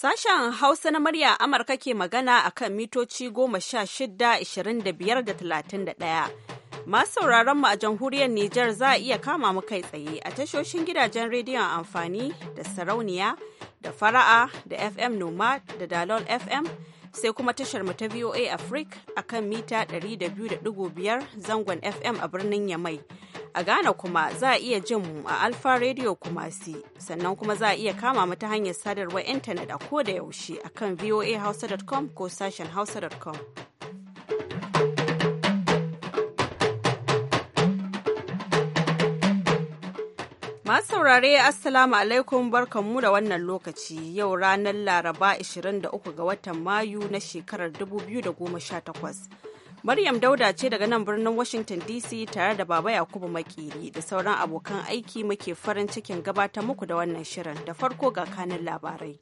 Sashen Hausa na murya Amurka ke magana a kan mitoci goma sha shida, ishirin da biyar da talatin da ɗaya. Masu sauraron mu a jamhuriyar Nijar za a iya kama mu kai tsaye a tashoshin gidajen rediyon amfani da sarauniya da fara'a da FM Noma da Dalol FM sai kuma tashar mu ta VOA Africa a kan mita 200.5 zangon FM a birnin Yamai A Ghana kuma za a iya jin mu a Alfa Radio Kumasi, sannan kuma za a iya kama mu ta hanyar sadarwar intanet a ko da yaushe a kan voahausa.com ko sashen hausa.com. Masu saurare Assalamu alaikum barkanmu da wannan lokaci yau ranar Laraba 23 ga watan Mayu na shekarar 2018. Maryam Dauda ce daga nan birnin Washington DC tare da Baba Yakubu Makiri da sauran abokan aiki muke farin cikin gabatar muku da wannan shirin da farko ga kanin labarai.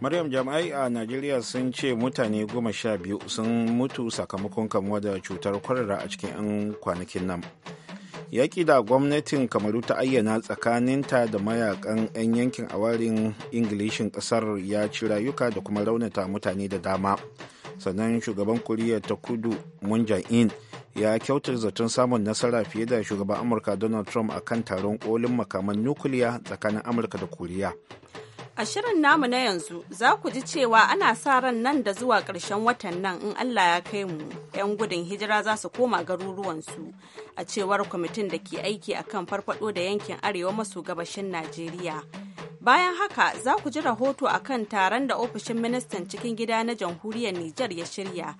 Maryam jami'ai a Najeriya sun ce mutane goma sha biyu sun mutu sakamakon kamuwa da cutar kwarara a cikin 'yan kwanakin nan. Yaƙi da gwamnatin kamaru ta ayyana tsakaninta da mayakan 'yan yankin awarin Ingilishin ƙasar ya ci rayuka da kuma launata mutane da dama. sannan shugaban koriya ta kudu moon in ya kyautar zaton samun nasara fiye da shugaban amurka donald trump a kan taron kolin makaman nukiliya tsakanin amurka da koriya a shirin namu na yanzu za ku ji cewa ana sa ran nan da zuwa ƙarshen watan nan in allah ya kai mu 'yan gudun hijira za su koma garuruwansu a cewar kwamitin da ke aiki a kan farfado da yankin arewa maso gabashin najeriya Bayan haka za ku ji rahoto a kan taron da ofishin ministan cikin gida na jamhuriyar Nijar ya shirya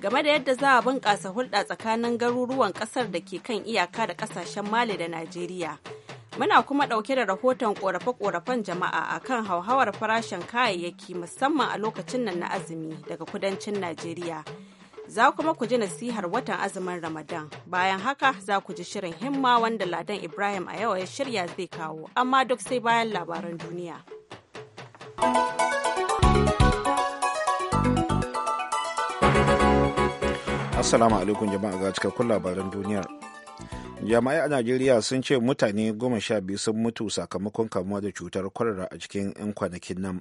game da yadda za a bunƙasa hulɗa tsakanin garuruwan ƙasar da ke kan iyaka da ƙasashen Mali da Najeriya. Muna kuma ɗauke da rahoton ƙorafe-ƙorafen jama'a a kan hauhawar farashin kayayyaki musamman a lokacin nan na azumi daga kudancin Najeriya. za kuma ku ji nasihar watan azumin Ramadan. Bayan haka za ku ji shirin himma wanda Ladan Ibrahim a yawa ya shirya zai kawo, amma duk sai bayan labaran duniya. Assalamu alaikum jama'a ga cikakkun labaran duniyar. jama'ai a najeriya sun ce mutane goma sha biyu sun mutu sakamakon kamuwa da cutar kwarara a cikin 'yan kwanakin nan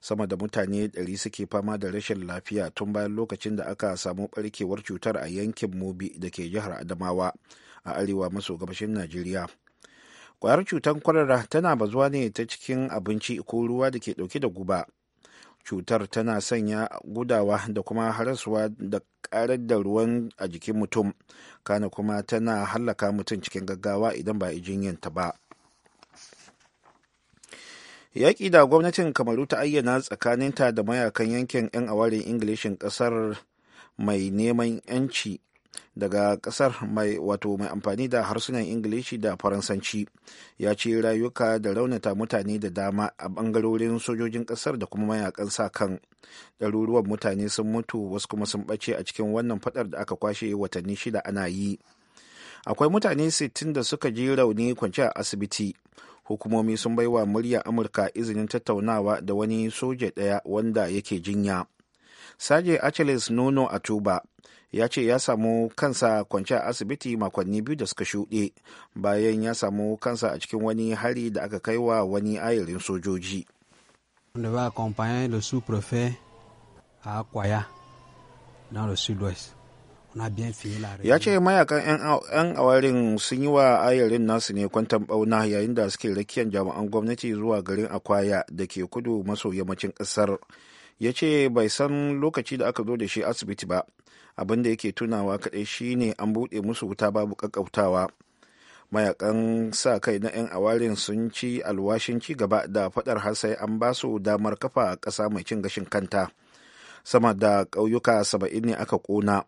sama da mutane 100 suke fama da rashin lafiya tun bayan lokacin da aka samu barkewar cutar a yankin mobi da ke jihar adamawa a arewa maso gabashin najeriya kwayar cutar kwarara tana bazuwa ne ta cikin abinci ko ruwa da ke dauke da guba cutar tana sanya gudawa da kuma harasuwa da karar da ruwan a jikin mutum kana kuma tana hallaka mutum cikin gaggawa idan ba ijin ta ba yaƙi da gwamnatin kamaru ta ayyana tsakaninta da mayakan yankin 'yan awarin ingilishin ƙasar mai neman 'yanci daga ƙasar mai wato mai amfani da harsunan ingilishi da faransanci ya ce rayuka da raunata mutane da dama a bangarorin sojojin ƙasar da kuma mayakan sa kan ɗaruruwan mutane sun mutu wasu kuma sun ɓace a cikin wannan faɗar da aka kwashe watanni shida ana yi akwai mutane 60 da suka ji rauni kwance a asibiti hukumomi sun bai wa murya amurka izinin tattaunawa da wani soja ɗaya wanda yake jinya saje achilles nono a tuba ya ce ya samu kansa kwance a asibiti makonni biyu da suka shuɗe bayan ya samu kansa a cikin wani hari da aka kai wa wani ayarin sojoji On va accompagner le sous-préfet à Akwaya, dans le sud-ouest. ya ce mayakan 'yan awarin sun yi wa ayarin nasu ne kwantan bauna yayin da suke rakiyar jami'an gwamnati zuwa garin akwaya da ke kudu maso yammacin kasar ya ce bai san lokaci da aka zo da shi asibiti ba abin da yake tunawa kaɗai shine an buɗe musu wuta babu ƙaƙƙautawa mayakan sa kai na 'yan awarin sun ci alwashin ci gaba da fadar har sai an ba su damar kafa a ƙasa mai cin gashin kanta sama da ƙauyuka saba'in ne aka ƙona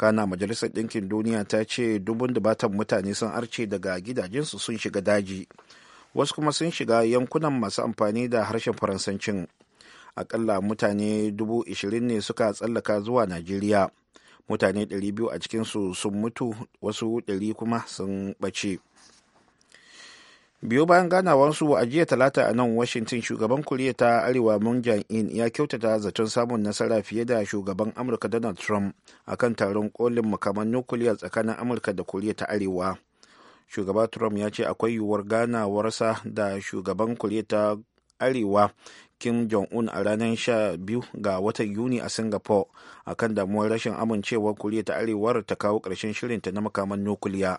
kana majalisar ɗinkin duniya ta ce dubun dubatan mutane sun arce daga gidajensu sun shiga daji wasu kuma sun shiga yankunan masu amfani da harshen faransancin akalla mutane dubu ishirin ne suka tsallaka zuwa najeriya mutane 200 a cikinsu sun mutu wasu 100 kuma sun ɓace biyo bayan ganawar su a jiya talata a nan washington shugaban koriya ta arewa moon in ya kyautata zaton samun nasara fiye da shugaban amurka donald trump a kan taron kolin makaman nukiliyar tsakanin amurka da koriya ta arewa shugaba trump ya ce akwai yiwuwar ganawarsa da shugaban koriya ta arewa kim jong-un a ranar 12 ga watan yuni a singapore akan damuwar rashin amincewar koriya ta arewar ta kawo ƙarshen shirinta na makaman nukiliya.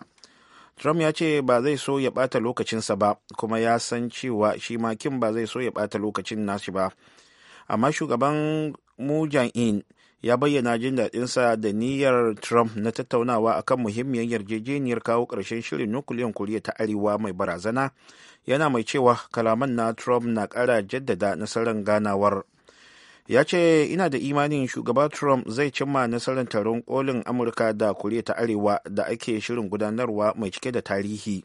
Trump ya ce ba zai so ya ɓata lokacinsa ba kuma ya san cewa shi ma Kim ba zai so ya ɓata lokacin nashi ba. Amma shugaban Mu in ya bayyana jin daɗinsa da niyyar Trump na tattaunawa akan muhimmiyar yarjejeniyar kawo ƙarshen shirin nukuliyan Koriya ta Arewa mai barazana yana mai cewa kalaman na Trump na ƙara jaddada nasarar ganawar. ya ce ina da imanin shugaba trump zai cimma nasarar taron kolin amurka da koriya ta arewa da ake shirin gudanarwa mai cike da tarihi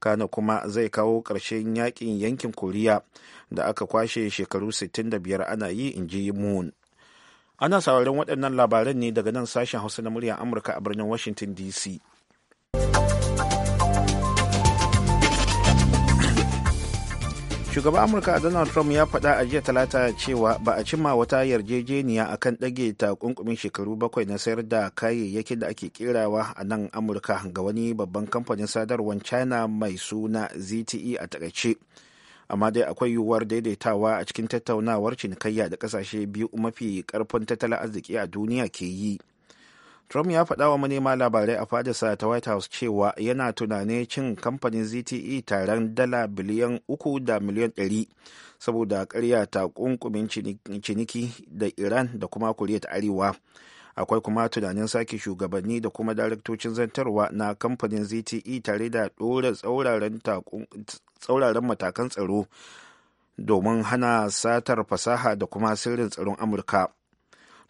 kana kuma zai kawo ƙarshen yakin yankin koriya da aka kwashe shekaru 65 ana yi in ji moon ana sauraron waɗannan labaran ne daga nan sashen hausa na muryar amurka a birnin washington dc shugaban amurka donald trump ya faɗa a jiya talata cewa ba a cimma wata yarjejeniya a akan ɗage ta kunkumin shekaru bakwai na sayar da kayayyakin da ake kerawa a nan amurka ga wani babban kamfanin sadarwar china mai suna zte a takaice amma dai akwai yiwuwar daidaitawa a cikin tattaunawar cinikayya da kasashe biyu mafi karfin tattalin arziki a duniya ke yi Trump ya faɗa wa manema labarai a fadarsa ta White House cewa yana tunanin cin kamfanin ZTE taron dala biliyan uku da miliyan ɗari saboda karya ta ƙunƙumin ciniki da Iran da kuma Koriya ta Arewa. Akwai kuma tunanin sake shugabanni da kuma daraktocin zantarwa na kamfanin ZTE tare da ɗora tsauraran matakan tsaro domin hana satar fasaha da kuma sirrin tsaron Amurka.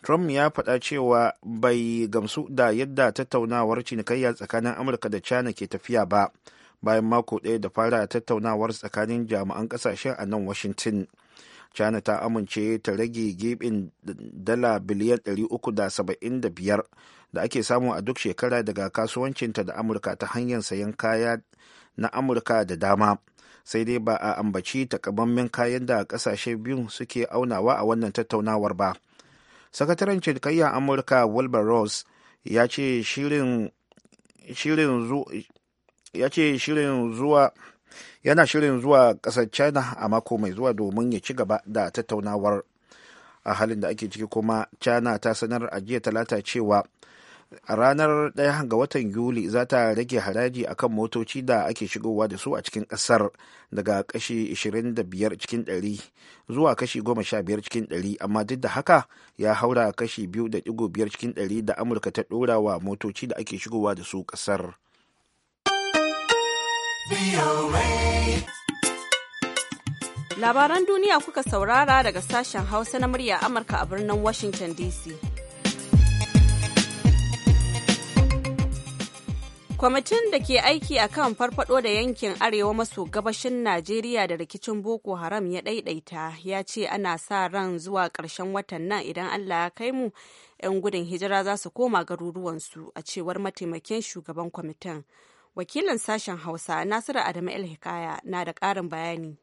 Trump ya faɗa cewa bai gamsu da yadda tattaunawar cinikayya tsakanin Amurka da China ke tafiya ba, bayan mako ɗaya da fara tattaunawar tsakanin jami'an ƙasashen a nan Washington. China ta amince ta rage gibin dala biliyan 375 da ake samu a duk shekara daga kasuwancinta da Amurka ta hanyar sayan kaya na Amurka da dama. Sai dai ba a ambaci takamammen kayan da ƙasashe biyun suke aunawa a wannan tattaunawar ba. sakataren cinikayyar amurka wilbur ross ya ce shirin zuwa yana shirin zuwa ƙasar china a mako mai zuwa domin ya ci gaba da tattaunawar a halin da ake ciki kuma china ta sanar a jiya talata cewa ranar 1 ga watan yuli za ta rage haraji akan motoci da ake shigowa da su a cikin ƙasar daga kashi 25 cikin 100 zuwa kashi 15 cikin 100 amma duk da haka ya haura kashi 2.5 cikin 100 da amurka ta ɗora wa motoci da ake shigowa da su ƙasar labaran duniya kuka saurara daga sashen hausa na murya amurka a birnin washington dc Kwamitin da ke aiki a kan farfado da yankin Arewa maso gabashin Najeriya da rikicin Boko Haram ya ɗaiɗaita ya ce ana sa ran zuwa ƙarshen watan nan idan Allah ya kai mu 'yan gudun hijira za su koma garuruwansu a cewar mataimakin shugaban kwamitin. Wakilin sashen Hausa Nasiru Adamu El Hikaya na da ƙarin bayani.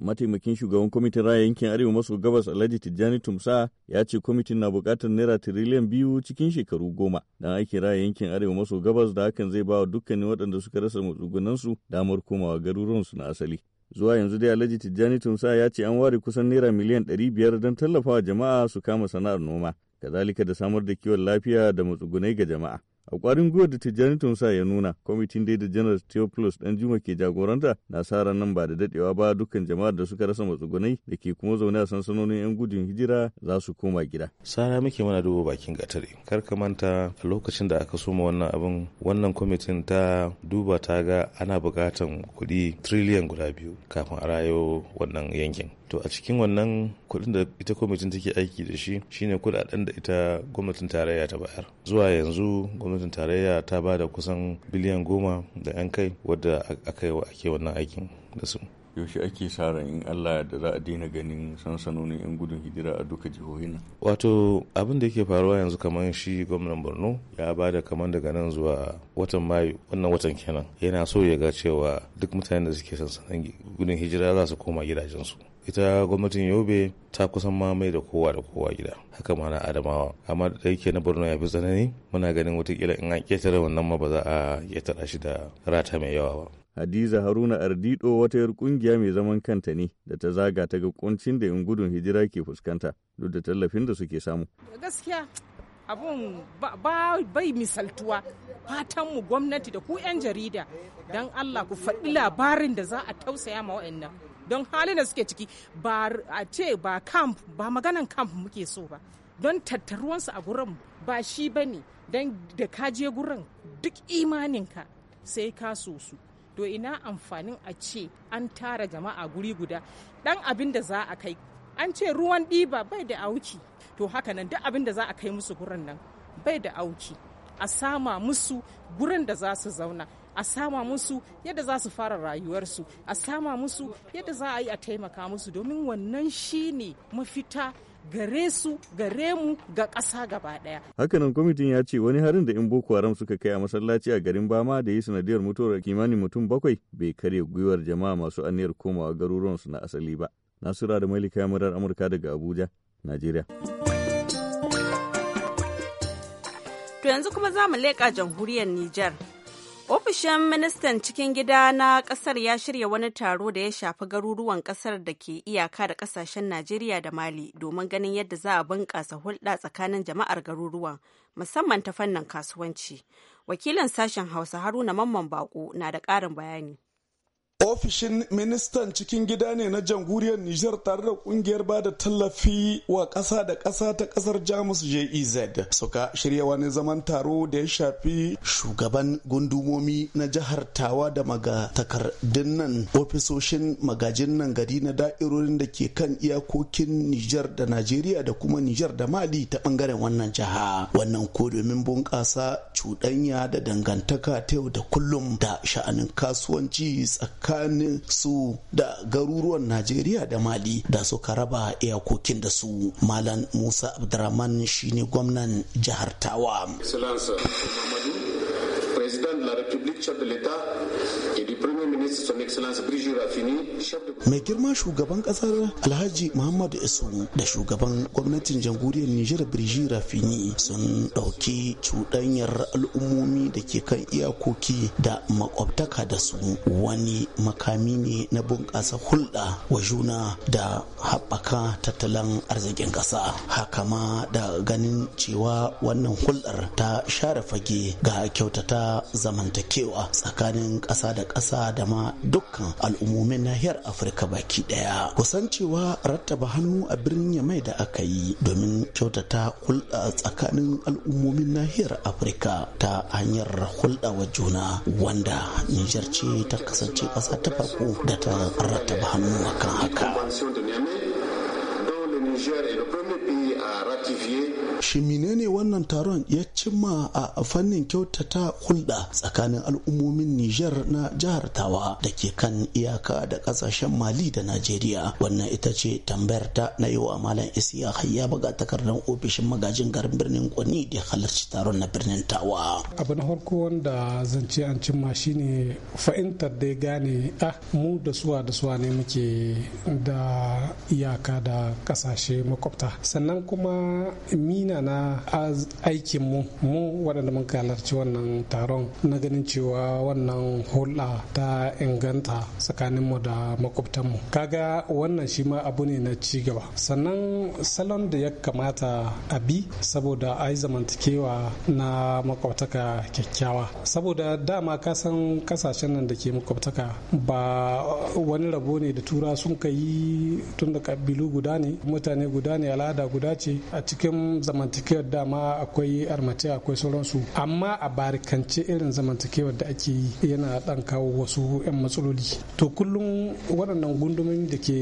mataimakin shugaban kwamitin raya yankin arewa maso gabas alhaji tijjani tumsa ya ce kwamitin na buƙatar naira tiriliyan biyu cikin shekaru goma don aikin raya yankin arewa maso gabas da hakan zai ba wa dukkanin waɗanda suka rasa matsugunansu damar komawa garuruwansu na asali zuwa yanzu dai alhaji tijjani tumsa ya ce an ware kusan naira miliyan ɗari biyar don tallafawa jama'a su kama sana'ar noma kazalika da samar da kiwon lafiya da matsugunai ga jama'a a kwarin gwiwa da tijjani tunsa ya nuna kwamitin da janar theophilus dan juma ke jagoranta na sa nan ba da dadewa ba dukkan jama'ar da suka rasa matsugunai da ke kuma zaune a sansanonin yan gudun hijira za su koma gida sara muke mana duba bakin gatare kar ka manta a lokacin da aka soma wannan abin wannan kwamitin ta duba ta ga ana bukatan kuɗi tiriliyan guda biyu kafin a rayo wannan yankin to a cikin wannan kuɗin da ita kwamitin take aiki da shi shine kuɗaɗen da ita gwamnatin tarayya ta bayar zuwa yanzu gwamnatin tarayya ta ba da kusan biliyan goma da 'yan kai wadda aka yi wa ake wannan aikin da su yaushe ake sa ran in Allah da za a daina ganin sansanoni 'yan gudun hijira a duka jihohin nan. Wato abin da yake faruwa yanzu kamar shi gwamnan Borno ya ba da kamar daga nan zuwa watan Mayu wannan watan kenan yana so ya ga cewa duk mutanen da suke sansanin gudun hijira za su koma gidajensu. ita gwamnatin yobe ta kusan mamaye da kowa da kowa gida haka ma na adamawa amma da yake na borno ya fi tsanani muna ganin watakila in an ketare wannan ma ba za a ketara shi da rata mai yawa ba Hadiza Haruna Ardido wata yar kungiya mai zaman kanta ne da ta zaga ta ga kuncin da yan gudun hijira ke fuskanta duk da tallafin da suke samu. Gaskiya abun bai misaltuwa fatanmu gwamnati da ku 'yan jarida don Allah ku faɗi labarin da za a tausaya ma wa'annan. don halin da suke ciki ba a ce ba camp ba maganan camp muke so ba don tattaruwansu a gurin ba shi ba ne don da ka je gurin duk imaninka sai ka so su to ina amfanin a ce an tara jama'a guri guda dan abin da za a kai an ce ruwan ɗiba bai da auki to haka nan duk abin da za a kai musu gurin nan bai da auki a sama musu gurin da za su zauna a sama musu yadda za su fara rayuwarsu a sama musu yadda za a yi a taimaka musu domin wannan shine mafita gare su gare mu ga ƙasa gaba ɗaya. Hakanan kwamitin ya ce wani harin da 'yan Boko Haram suka kai a masallaci a garin Bama da yi sanadiyar mutuwar kimanin mutum bakwai bai karya gwiwar jama'a masu anniyar komawa garuruwansu na asali ba. Nasura da Malika Murar Amurka daga Abuja, Najeriya. To yanzu kuma za mu leƙa jamhuriyar Nijar. Ofishin ministan cikin gida na kasar ya shirya wani taro da ya shafi garuruwan kasar da ke iyaka da kasashen Najeriya da Mali domin ganin yadda za a bunƙasa hulɗa tsakanin jama'ar garuruwan musamman ta fannin kasuwanci. Wakilin sashen Hausa Haruna Mamman Bako na da ƙarin bayani. ofishin ministan cikin gida ne na jamhuriyar nijar tare da kungiyar ba da tallafi wa ƙasa da ƙasa ta ƙasar jamus jez suka shirya wani zaman taro da ya shafi shugaban gundumomi na jihar tawa da maga takardun nan ofisoshin magajin nan gari na da'irorin da ke kan iyakokin nijar da najeriya da kuma nijar da mali ta bangaren wannan jiha wannan ko domin bunƙasa cuɗanya da dangantaka ta yau da kullum da sha'anin kasuwanci tsakanin tsakanin su da garuruwan najeriya da mali da suka raba iyakokin da su malam musa abdurrahman shine gwamnan jihar tawa president Mai girma shugaban kasar Alhaji Muhammadu Isu da shugaban gwamnatin jamhuriyar Nijar Birji Rafini sun ɗauki cuɗanyar al'ummomi da ke kan iyakoki da makwabtaka da su wani makami ne na bunƙasa hulɗa wa juna da haɓaka tattalin arzikin ƙasa. Haka ma da ganin cewa wannan hulɗar ta share fage ga kyautata zamantakewa. ɗorewa tsakanin ƙasa da ƙasa da ma dukkan al'ummomin nahiyar afirka baki ɗaya kusan cewa rattaba hannu a birnin ya mai da aka yi domin kyautata hulɗa tsakanin al'ummomin nahiyar afirka ta hanyar hulɗa wa juna wanda nijar ce ta kasance ƙasa ta farko da ta rattaba hannu a kan haka Niger le premier pays Shi menene wannan taron ya cimma a fannin kyautata hulɗa tsakanin al'ummomin Niger na jihar Tawa da ke kan iyaka da ƙasashen Mali da Najeriya. Wannan ita ce tambayar ta na yau a Malam Isiya Hayya baga takardar ofishin magajin garin birnin Kwani da halarci taron na birnin Tawa. Abu na farko wanda zance an cimma shine fahimtar da ya gane ah mu da suwa da suwa ne muke da iyaka da ƙasashe kasashe makwabta sannan kuma mina na aikin mu mu waɗanda mun halarci wannan taron na ganin cewa wannan hulɗa ta inganta tsakanin mu da mu kaga wannan shi ma abu ne na ci gaba sannan salon da ya kamata a bi saboda a yi zamantakewa na makwabtaka kyakkyawa saboda dama ka san kasashen nan da ke makwabtaka ba wani rabo ne da tura sun ka tun da kabilu guda ne mutane mutane guda ne al'ada guda ce a cikin zamantakewar dama akwai armace akwai sauransu amma a barikance irin zamantakewar da ake yi yana dan kawo wasu 'yan matsaloli to kullum waɗannan gundumin da ke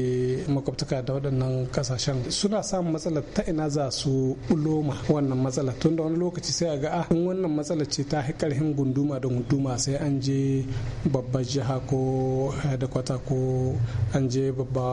makwabtaka da waɗannan kasashen suna samun matsalar ta ina za su uloma wannan matsalar tun da wani lokaci sai a ga a ah, in wannan matsala ce ta hi karhin gunduma da gunduma sai an je babbar jiha ko da kwata ko an je babba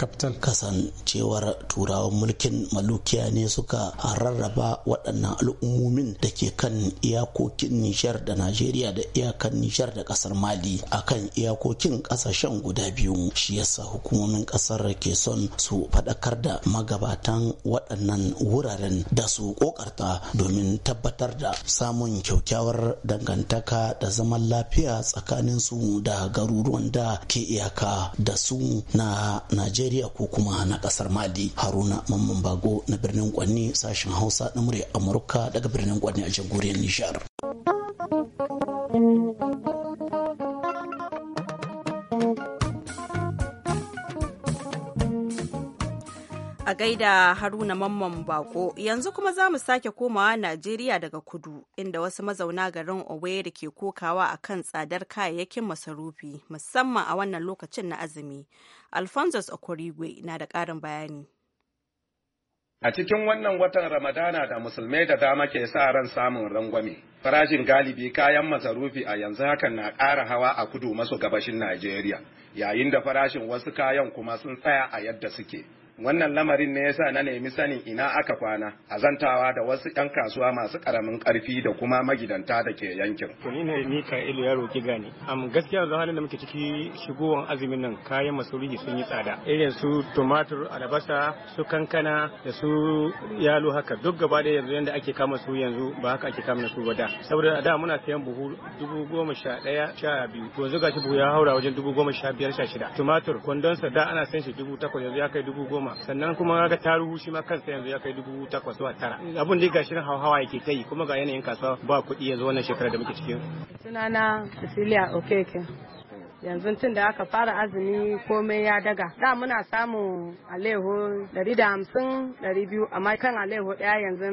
kapital kasancewar turai turawan mulkin malukiya ne suka rarraba waɗannan al'ummomin da ke kan iyakokin nishar da najeriya da iyakan nishar da ƙasar mali a kan iyakokin ƙasashen guda biyu shi yasa hukumomin ƙasar ke son su faɗakar da magabatan waɗannan wuraren da su ƙoƙarta domin tabbatar da samun kyaukyawar dangantaka da zaman lafiya tsakanin su da garuruwan da ke iyaka da su na najeriya ko kuma na ƙasar mali haruna mamman bago na birnin kwanni sashen hausa na murya amurka daga birnin kwanni a jamhuriyar nijar a gaida haruna mamman bako yanzu kuma za mu sake komawa najeriya daga kudu inda wasu mazauna garin owerri ke kokawa a kan tsadar kayayyakin masarufi musamman a wannan lokacin na azumi alphonsus okorigwe na da ƙarin bayani A cikin wannan watan Ramadana da musulmai da dama ke sa ran samun rangwame, farashin galibi kayan masarufi a yanzu hakan na ƙara hawa a kudu maso gabashin Najeriya, yayin da farashin wasu kayan kuma sun tsaya a yadda suke. wannan lamarin ne yasa na nemi sanin ina aka kwana a zantawa da wasu 'yan kasuwa masu karamin karfi da kuma magidanta da ke yankin. To ni ne Mika'ilu ya roki gani. Am gaskiya da halin da muke ciki shigowan azumin nan kayan masarufi sun yi tsada. Irin su tumatur, albasa, su kankana da su yalo haka duk gaba da yanzu yanda ake kama su yanzu ba haka ake kama su ba da. Saboda da muna sayan buhu dubu goma sha ɗaya sha biyu. To yanzu gashi buhu ya haura wajen dubu goma sha biyar shida. Tumatur kwandonsa da ana sayan shi dubu takwas yanzu ya kai dubu goma sannan kuma ga taruhu shi ma kansa yanzu ya kai dubu takwas zuwa tara abun dai gashi hawa yake ta yi kuma ga yanayin kasuwa ba kuɗi yanzu wannan shekarar da muke cikin sunana Cecilia Okeke yanzu tun da aka fara azumi komai ya daga da muna samun alaiho 150-200 amma kan aleho daya yanzu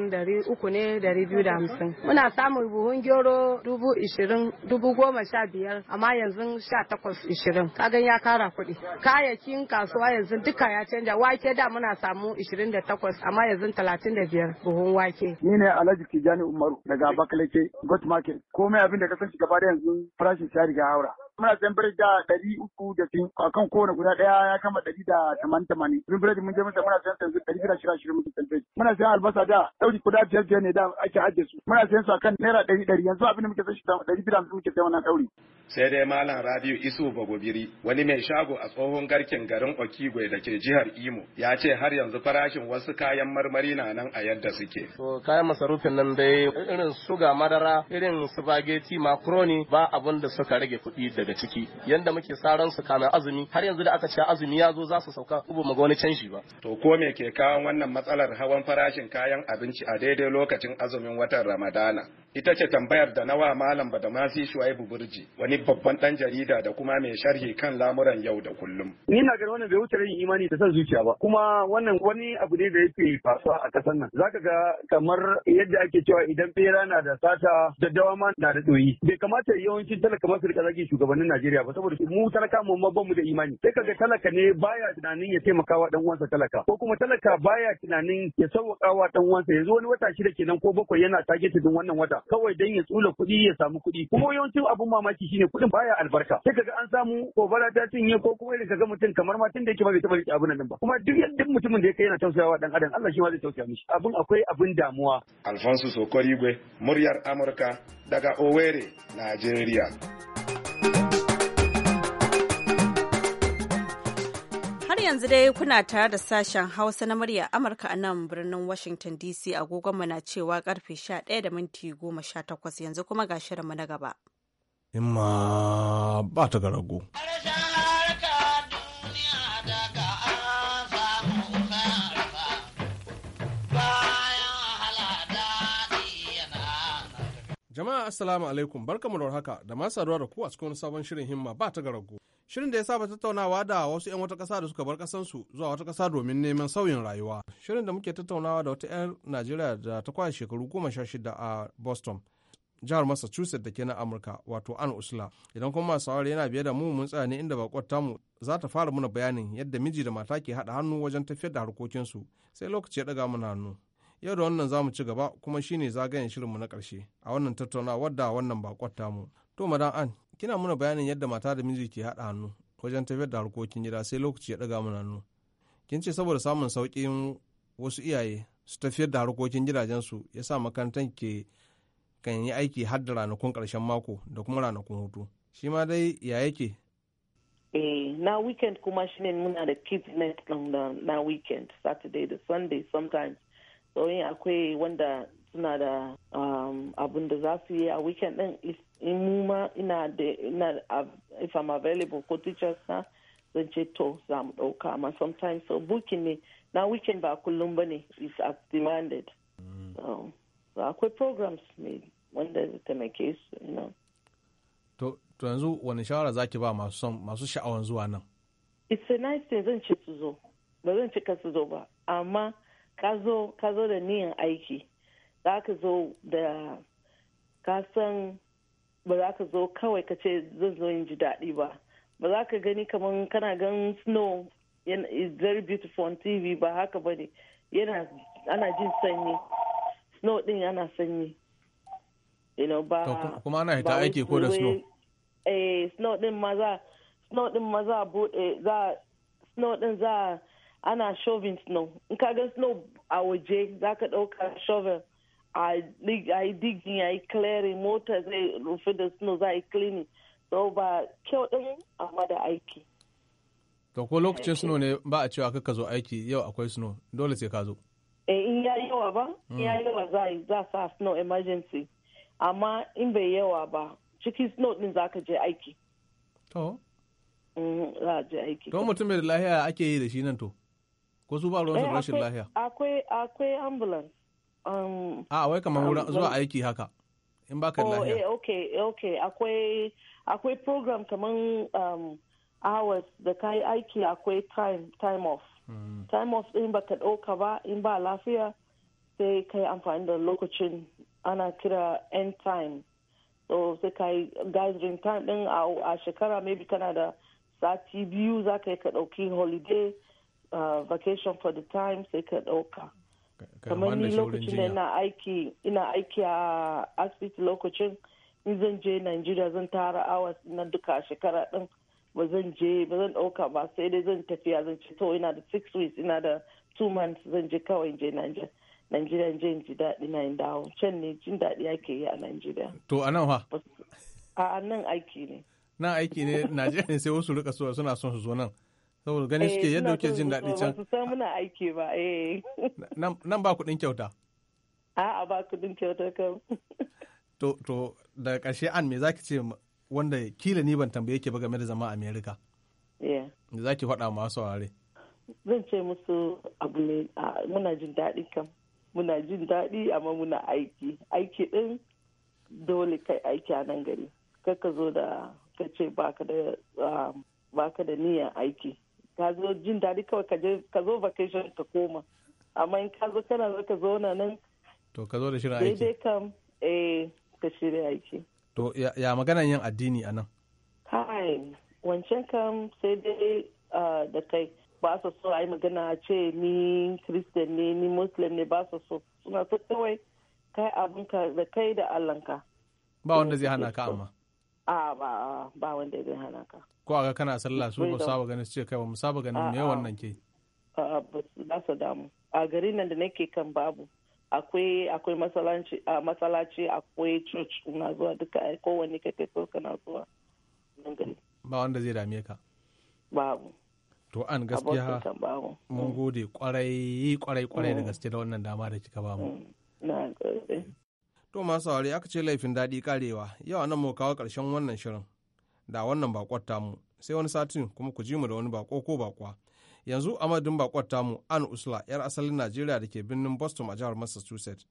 300 ne 250 muna samun buhun gero 20,015 amma yanzu 18,020 kagan ya kara kuɗi kayayyakin kasuwa yanzu duka ya canja wake da muna samu 28 amma yanzu 35 buhun wake ni ne alhaji kijani umaru daga bakalake got market komai abin da ka san gaba da yanzu farashin shari'a haura muna san biredi da ɗari uku da sin a kan kowane guda ɗaya ya kama ɗari da tamanin tamanin. Sun biredi mun je mun muna san yanzu ɗari da shida shirin muke sayan Muna san albasa da ɗauri guda biyar biyar ne da ake ajiye su. Muna san su a kan naira ɗari ɗari yanzu abin da muke san shi ɗari biyar da hamsin muke san wannan ɗauri. Sai dai Malam Rabiu Isu Bagobiri wani mai shago a tsohon garkin garin Okigwe da ke jihar Imo ya ce har yanzu farashin wasu kayan marmari na nan a yadda suke. To kayan masarufin nan dai irin suga madara irin spaghetti macaroni ba abun da suka rage kuɗi da daga ciki yanda muke ran su kana azumi har yanzu da aka ce azumi ya zo za su sauka ko mu ga wani canji ba to ko me ke kawo wannan matsalar hawan farashin kayan abinci a daidai lokacin azumin watan Ramadana ita ce tambayar da nawa malam badamasi shuaibu burji wani babban dan jarida da kuma mai sharhi kan lamuran yau da kullum ni na ga wannan bai wuce yin imani da san zuciya ba kuma wannan wani abu ne da yake faruwa a kasan nan zaka ga kamar yadda ake cewa idan bera na da sata daddawa ma na da doyi bai kamata yawancin talaka masu rika zagi shugabannin Najeriya ba saboda mu talaka mu ma bamu da imani sai kaga talaka ne baya tunanin ya taimaka wa dan uwansa talaka ko kuma talaka baya tunanin ya sauwaka wa dan uwansa yanzu wani wata shida kenan ko bakwai yana tage wannan wata kawai dan ya tsula kuɗi ya samu kuɗi kuma yawanci abun mamaki shine kuɗin baya albarka sai kaga an samu gobara ta cinye ko kuma irin kaga mutum kamar ma tunda yake ba zai taɓa riƙe abun nan ba kuma duk yadda mutumin da yake yana tausayawa dan adam Allah shi ma zai tausaya mishi abun akwai abun damuwa Alfonso Sokorigwe muryar Amurka daga Owerri Najeriya yanzu dai kuna tare da sashen Hausa na murya Amurka a nan birnin Washington DC agogonmu na cewa karfe 11 da minti 18 yanzu kuma ga shirinmu na gaba. Imma ba ta garago. Jama'a Assalamu alaikum barkamu da haka da masu saduwa da ku a cikin sabon shirin himma ba ta garago. Shirin da ya saba tattaunawa da wasu 'yan wata ƙasa da suka bar ƙasansu zuwa wata ƙasa domin neman sauyin rayuwa. Shirin da muke tattaunawa da wata 'yan Najeriya da ta kwashe shekaru goma sha shida a Boston. jihar massachusetts da ke na amurka wato an usla idan kuma masu aure yana biye da mu mun tsaya ne inda bakwar tamu za ta fara muna bayanin yadda miji da mata ke haɗa hannu wajen tafiyar da harkokinsu sai lokaci ya ɗaga mana hannu yau da wannan za mu ci gaba kuma shine zagayen shirinmu na ƙarshe a wannan tattaunawar wadda wannan bakon tamu to madan an kina muna bayanin yadda mata da miji ke haɗa hannu wajen tafiyar da harkokin gida sai lokaci ya ɗaga mana hannu kin ce saboda samun sauƙin wasu iyaye su tafiyar da harkokin gidajensu ya sa makarantar ke kan yi aiki har da ranakun ƙarshen mako da kuma ranakun hutu shi ma dai ya yake eh na weekend kuma shi ne muna da kids na weekend saturday da sunday sometimes in akwai wanda suna da um, abun da za su yi a weekend din in mu ma ina da ina if I'm available ko teachers na zan ce to za mu ɗauka amma sometimes so booking ne na weekend ba kullum ba ne is as demanded mm. so akwai programs ne wanda zai taimake su you know to yanzu wani shawara zaki ba masu son masu sha'awan zuwa nan it's a nice thing zan ce su zo ba zan ce ka su zo ba amma ka zo da niyan aiki za ka zo da kasan san ba za ka zo kawai ka ce zan zo yin ji daɗi ba ba za ka gani kamar kana gan snow is very beautiful on tv ba haka ba ne yana ana jin sanyi snow din yana sanyi you know ba kuma ana hita aiki ko da snow eh snow din maza snow din maza bude za snow din za ana shoving snow in ka ga snow a waje za ka ɗauka shovel a yi digging a yi clearing mota zai rufe da snow za a yi cleaning so ba kyau ɗin amma da aiki to ko lokacin snow ne ba a cewa ka zo aiki yau akwai snow dole sai ka zo eh in ya yawa ba in ya mm. yawa za za sa snow emergency amma in bai yawa ba cikin snow din za ka je aiki to mm, za a je aiki to mutum bai da lahiya ake yi da shi nan to ko su ba ruwan eh, rashin lahiya akwai akwai ambulance um, a ah, wai kamar um, wurin zuwa aiki haka in baka da oh, lahiya eh, okay okay akwai akwai program kamar um, hours da ka yi aiki akwai time time off hmm. time off in baka dauka ba in ba lafiya sai ka yi amfani da lokacin ana kira end time so sai ka yi gathering time din a shekara maybe kana da sati biyu za ka yi ka dauki holiday Uh, vacation for the time sai ka ɗauka kamar ni lokacin da ina aiki ina aiki a asibiti lokacin in zan je Najeriya zan tara hours na duka shekara din ba zan je ba zan ɗauka ba sai dai zan tafiya zan ce to ina da six weeks ina da two months zan je kawai je Najeriya Najeriya je in ji daɗi na in dawo can ne jin daɗi ake yi a Najeriya. To a nan fa? A nan aiki ne. Nan aiki ne Najeriya sai wasu rika suna son su zo nan. saboda ganin eh, suke yadda kuke jin daɗi can ba san muna aiki ba eh nan ba kuɗin kyauta a'a ba kuɗin kyauta kam to to daga ƙarshe an me zaki ce wanda kila ni ban tambaye ke ba game da zama Amerika? eh me zaki faɗa masu saurare zan ce musu abu ne muna jin daɗi kam muna jin daɗi amma muna aiki aiki ɗin dole kai aiki a nan gari ka zo da ka ce baka da um, niyan aiki ka zo jin daɗi kawai ka je ka zo vacation ka koma amma in ka zo kana zo ka zauna nan to ka zo da shirin aiki dai kam eh ka shirin aiki to ya magana yin addini a nan kai wancan kam sai dai da kai ba su so a yi magana a ce ni christian ne ni muslim ne ba su so suna so kawai kai abinka da kai da allahnka ba wanda zai hana ka amma a ba ba wanda zai hana ka ko a ga kana sallah su ba saba ganin su ce kai ba mu saba ganin ne wannan ke ba su damu a garin nan da nake kan babu akwai akwai masallaci akwai church na zuwa duka ko wani ka so kana zuwa ba wanda zai dame ka babu to an gaskiya mun gode kwarai kwarai kwarai da mm. gaske da wannan dama da kika ba mu mm. To masu saurari aka ce laifin daɗi karewa yau anan mu kawo ƙarshen wannan shirin da wannan bakon tamu sai wani satin kuma ku ji mu da wani bako ko bakwa. Yanzu a madadin tamu An Usla yar asalin Najeriya da ke birnin Boston a jihar Massachusetts.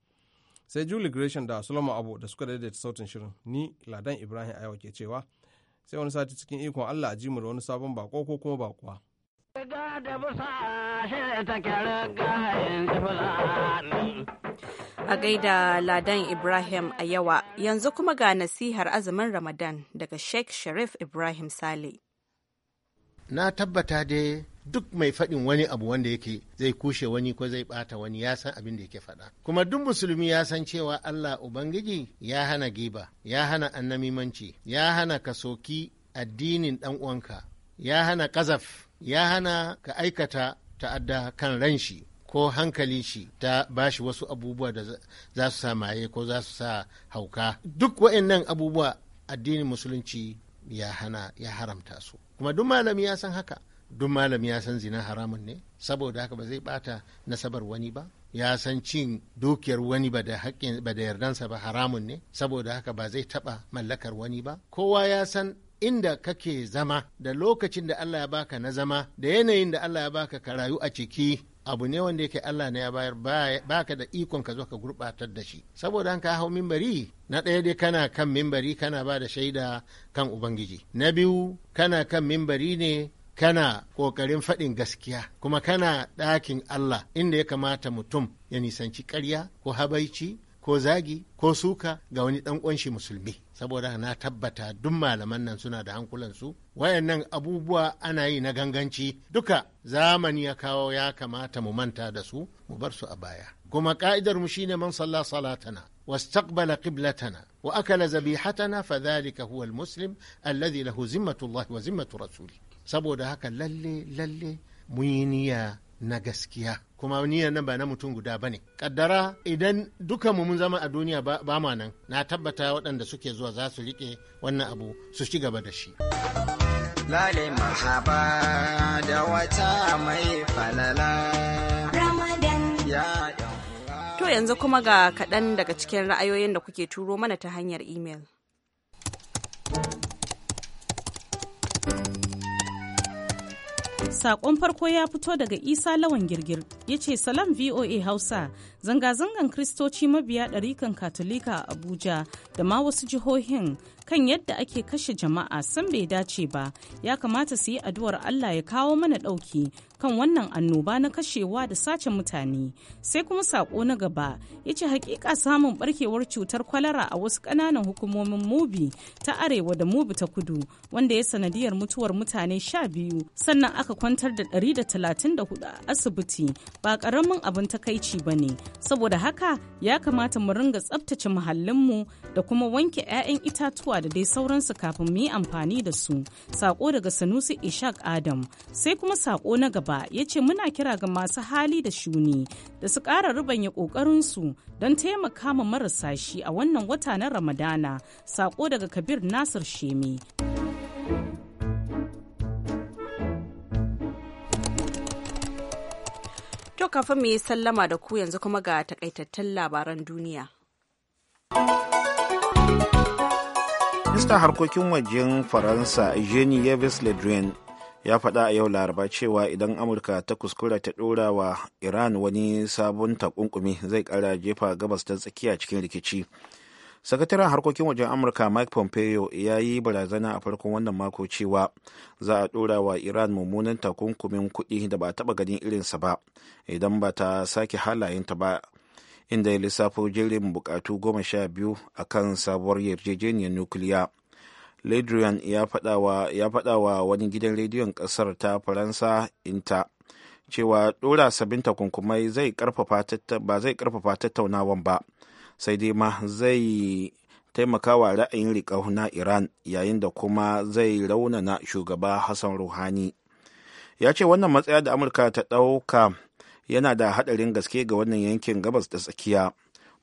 Sai Julie Gresham da Solomon Abu da suka daidaita sautin shirin ni Ladan Ibrahim Ayawa ke cewa sai wani sati cikin ikon Allah a ji mu da wani sabon bako ko kuma baƙwa. Riga da busa shi ta kyar gayin tafi A gaida Ladan Ibrahim a yawa yanzu kuma ga nasihar azumin Ramadan daga Sheikh Sharif Ibrahim Sale. Na tabbata dai duk mai faɗin wani abu wanda yake zai kushe wani ko zai ɓata wani ya san abin da yake faɗa kuma duk musulmi ya san cewa Allah Ubangiji ya hana giba ya hana annamimanci ya hana ka soki addinin ɗan uwanka ya hana kazaf ya hana ka aikata ta'adda kan ranshi ko hankalin shi ta bashi wasu abubuwa da za su sa maye ko za su sa hauka duk waɗannan abubuwa addinin musulunci ya hana ya haramta su kuma duk malami ya san haka duk malami ya san zina haramun ne saboda haka ba zai bata nasabar wani ba ya san cin dukiyar wani ba da haƙƙin ba da yardansa ba haramun ne saboda haka ba zai taɓa mallakar wani ba kowa ya san inda kake zama da lokacin da Allah ya baka na zama da yanayin da Allah ya baka ka rayu a ciki abu ne wanda yake Allah ne ya bayar ba ka da ikon ka zo ka gurɓatar da shi saboda an ka hau mimbari na ɗaya dai kana kan mimbari kana ba da shaida kan ubangiji na biyu kana kan mimbari ne kana ƙoƙarin faɗin gaskiya kuma kana ɗakin Allah inda ya kamata mutum ya nisanci ƙarya ko habaici ko zagi ko suka ga wani dan kwanshi musulmi saboda na tabbata duk malaman nan suna da hankulansu wayannan abubuwa ana yi na ganganci duka zamani ya kawo ya kamata mu manta da su mu bar su a baya kuma ka'idar mu shine man salla salatana واستقبل قبلتنا zabihatana ذبيحتنا فذلك هو المسلم الذي له ذمة الله zimmatu رسوله saboda haka lalle lalle mun yi niyya na gaskiya kuma niyyar nan ba na mutum guda ba ne kaddara idan dukanmu mun zama a duniya ba ma nan na tabbata waɗanda suke zuwa za su riƙe wannan abu su ci gaba da shi lale mahaba da wata mai falala to yanzu kuma ga kaɗan daga cikin ra'ayoyin da kuke turo mana ta hanyar imel. Sakon farko ya fito daga Isa Lawan Girgir ya ce Salam VOA Hausa zanga-zangan Kristoci mabiya ɗarikan Katolika a Abuja da ma wasu jihohin kan yadda ake kashe jama'a san bai dace ba ya kamata su yi addu'ar Allah ya kawo mana ɗauki kan wannan annoba na kashewa da sace mutane sai kuma saƙo na gaba ya ce hakika samun barkewar cutar kwalara a wasu ƙananan hukumomin mubi ta arewa da mubi ta kudu wanda ya sanadiyar mutuwar mutane sha biyu sannan aka kwantar da da da talatin hudu a asibiti ba ƙaramin abin takaici ba ne saboda haka ya kamata mu ringa tsabtace muhallinmu da kuma wanke 'ya'yan itatuwa abubuwa da dai sauransu kafin mu yi amfani da su sako daga sanusi ishak adam sai kuma sako na gaba ya ce muna kira ga masu hali da shuni da su ƙara rubanya ƙoƙarinsu don taimaka ma marasa shi a wannan wata na ramadana sako daga kabir nasir shemi To kafin mu yi sallama da ku yanzu kuma ga takaitattun labaran duniya. ministan harkokin wajen faransa jenny yves le drian ya faɗa a yau laraba cewa idan amurka ta kuskura ta ɗora wa iran wani sabon takunkumi zai ƙara jefa gabas ta tsakiya cikin rikici sakataren harkokin wajen amurka mike pompeo ya yi barazana a farkon wannan mako cewa za a ɗora wa iran mummunan takunkumin kuɗi da ba taɓa ganin irinsa ba idan ba ta sake halayenta ba inda ya lissafo jerin bukatu goma sha biyu a kan sabuwar yarjejeniyar nukiliya ledrian ya faɗa wa wani gidan rediyon ƙasar ta faransa inta cewa ɗora sabbin takunkumai ba zai ƙarfafa tattaunawan ba sai dai ma zai taimaka wa ra'ayin riƙau na iran yayin da kuma zai raunana shugaba hassan ruhani ya ce wannan matsaya da amurka ta ɗauka yana da hadarin gaske ga wannan yankin gabas da tsakiya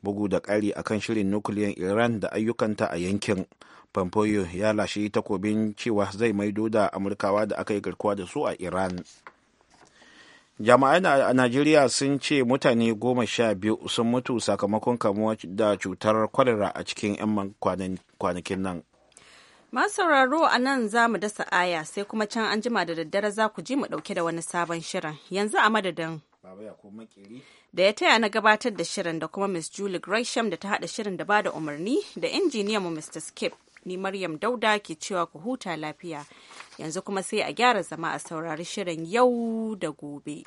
bugu da kari akan shirin nukiliyan iran da ayyukanta a yankin pompeo ya lashe takobin cewa zai maido da amurkawa da aka yi garkuwa da su a iran jama'ai a najeriya sun ce mutane goma sha biyu sun mutu sakamakon kamuwa da cutar kwalera a cikin 'yan kwanakin nan masu sauraro a nan za mu dasa aya sai kuma can an jima da daddare za ku ji mu dauke da wani sabon shirin yanzu a madadin babaya ko makeri Da ya taya na gabatar da shirin da kuma Miss Julie Gresham da ta haɗa shirin da ba da umarni da injiniyan mu Mr. Skip. Ni Maryam Dauda ke cewa ku huta lafiya. Yanzu kuma sai a gyara zama a saurari shirin yau da gobe.